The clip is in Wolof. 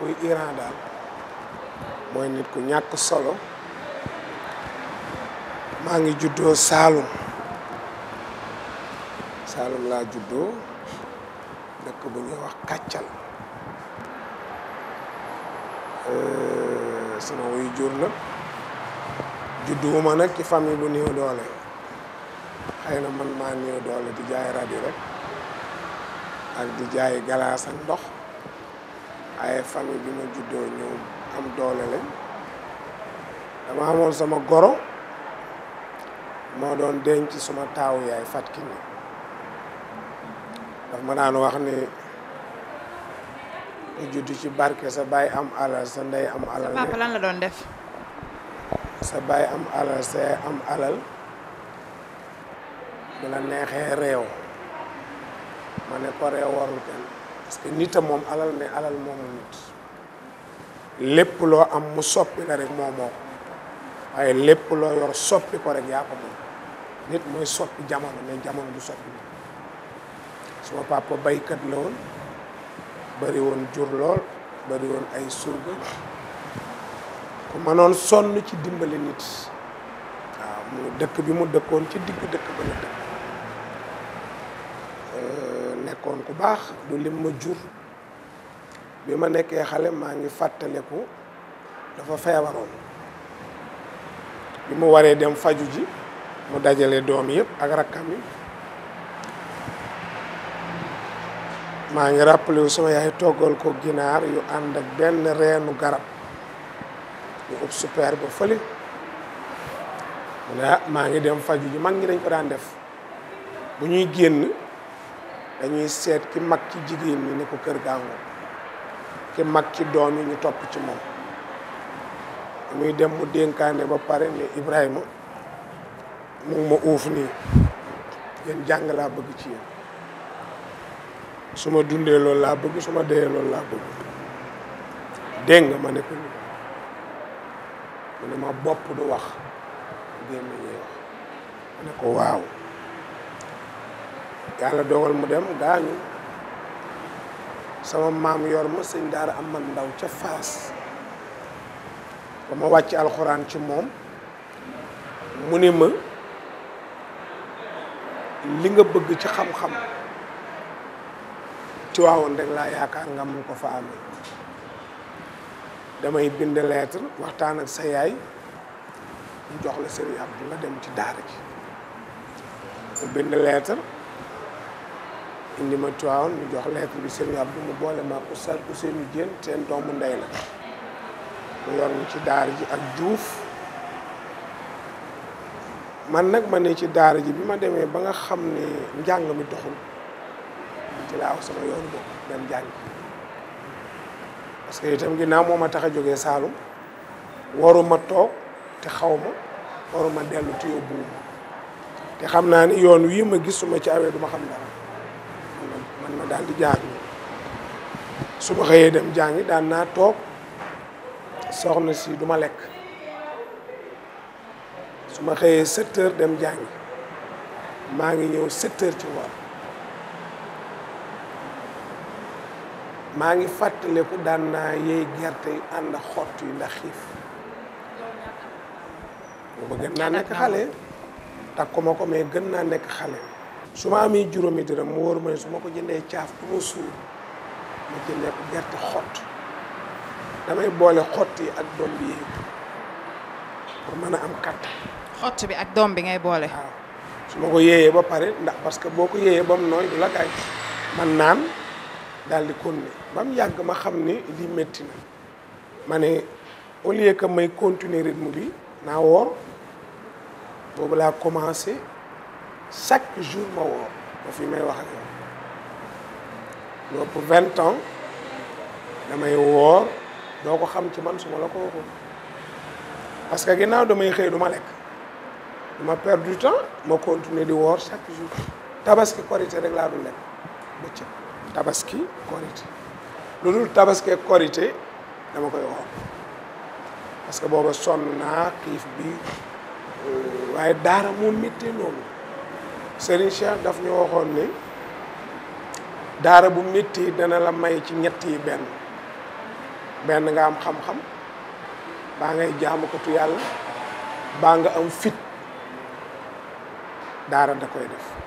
kuy Iran dal moy nit ku ñak solo ma ngi juddo salum salum la juddo dekk bu ñu wax euh sama wuy jur nag judduwuma nak ci fami bu néew doole xeyna man ma doole di jaay radio rek ak di jaay ak ay famille bi ma juddoo ñu am doole lañ dama amoon sama goro moo doon denc suma taaw yaay fatki ni daf ma daan wax ni ku juddu ci barke sa baay am alal sa ndey am alal sa baay am alal sa bu la neexee réew ma ne ko réew warul kenn parce que nit a moom alal mais alal moomu nit lépp loo am mu soppi la rek moo moo ko waaye lépp loo yor soppi ko rek yaa ko moom nit mooy soppi jamono mais jamono du soppi nit suma papa baykat la woon bari woon jur lool bari woon ay surga ku mënoon sonn ci dimbali nit waaw mu dëkk bi mu dëkkoon ci digg dëkk ba la kon ku baax du lim ma jur bi ma nekkee xale maa ngi fàttaliku dafa feebaroon bi mu waree dem faju ji mu dajale doom yëpp ak rakkam yi maa ngi rappelé wu sama yaay toggal ko ginaar yu ànd ak benn reenu garab yu ub super ba fële mu ne ah, maa ngi dem faju ji mag ñi dañ ko daan def bu ñuy génn dañuy seet ki mag ci jigéen ñi ni ko kër gaango ki mag ci doom yi ñu topp ci moom muy dem mu dénkaane ba pare ne Ibrahima mu ma uuf nii yéen jàng laa bëgg ci yéen su dundee loolu laa bëgg su ma dee loolu laa bëgg dégg nga ma ne ko mu ne ma bopp du wax génn ñuy wax ma ne ko waaw yàlla dogal mu dem gaañu sama maam yor ma sëñ daara am man ndaw ca faas ba wàcc alxuraan ci moom mu ne ma li nga bëgg ci xam-xam ci waawoon rek laa yaakaar nga mun ko fa amee damay bind lettre waxtaan ak sa yaay ñu jox la sëriñ Abdou nga dem ci daara ji mu bind lettre indi ma Tiwaawan ñu jox lettre bi sëriñ Abdou mu boole ma ak Oustaz Ousseynou Diène seen doomu ndey la mu yor ñu ci daar ji ak Diouf man nag ma ne ci daara ji bi ma demee ba nga xam ne njàng mi doxul ci laa aw sama yoon boobu jàng parce que itam ginnaaw moo ma tax a jóge Saalum waruma toog te xaw ma waruma dellu te yóbbuwuma te xam naa ni yoon wii ma gisuma ci awee duma xam dara ma daal di jaar su ma xëyee dem jàngi daan naa toog soxna si du ma lekk su ma xëyee sept dem jàngi maa ngi ñëw sept heures ci ngoon maa ngi fàttaleku daan naa yey gerte yu ànd xott yu ndax xiif booba gën naa nekk xale takkuma ko mais gën naa nekk xale su ma amee juróomi dërëm mu wóor ma ne su ma ko jëndee caaf du ma suur ma jëndee ko gerte xott damay boole xott yi ak doom bi yëpp pour mën a am kattan. xott bi ak doom bi ngay boole. su ma ko yéeyee ba pare ndax parce que boo ko yéeyee ba mu nooy du la gaañ man naan daal di continuer ba mu yàgg ma xam ne lii métti na ma ne au lieu que may continuer rythme bi naa woor boobu laa commencé. chaque jour je suis fi pour 20 ans je suis doo Donc, xam ci man pas ma la parce que je suis xëy Je ma suis du du temps je continuer di woor chaque jour tabaski korité rek laa je la tabaski korité lu tabaski korité je koy là. parce que je suis naa bi suis là, je suis Serigne Cheikh daf ñu waxoon ni daara bu métti dana la may ci ñett yi benn benn nga am xam-xam baa ngay jaamukatu yàlla baa nga am fit daara da koy def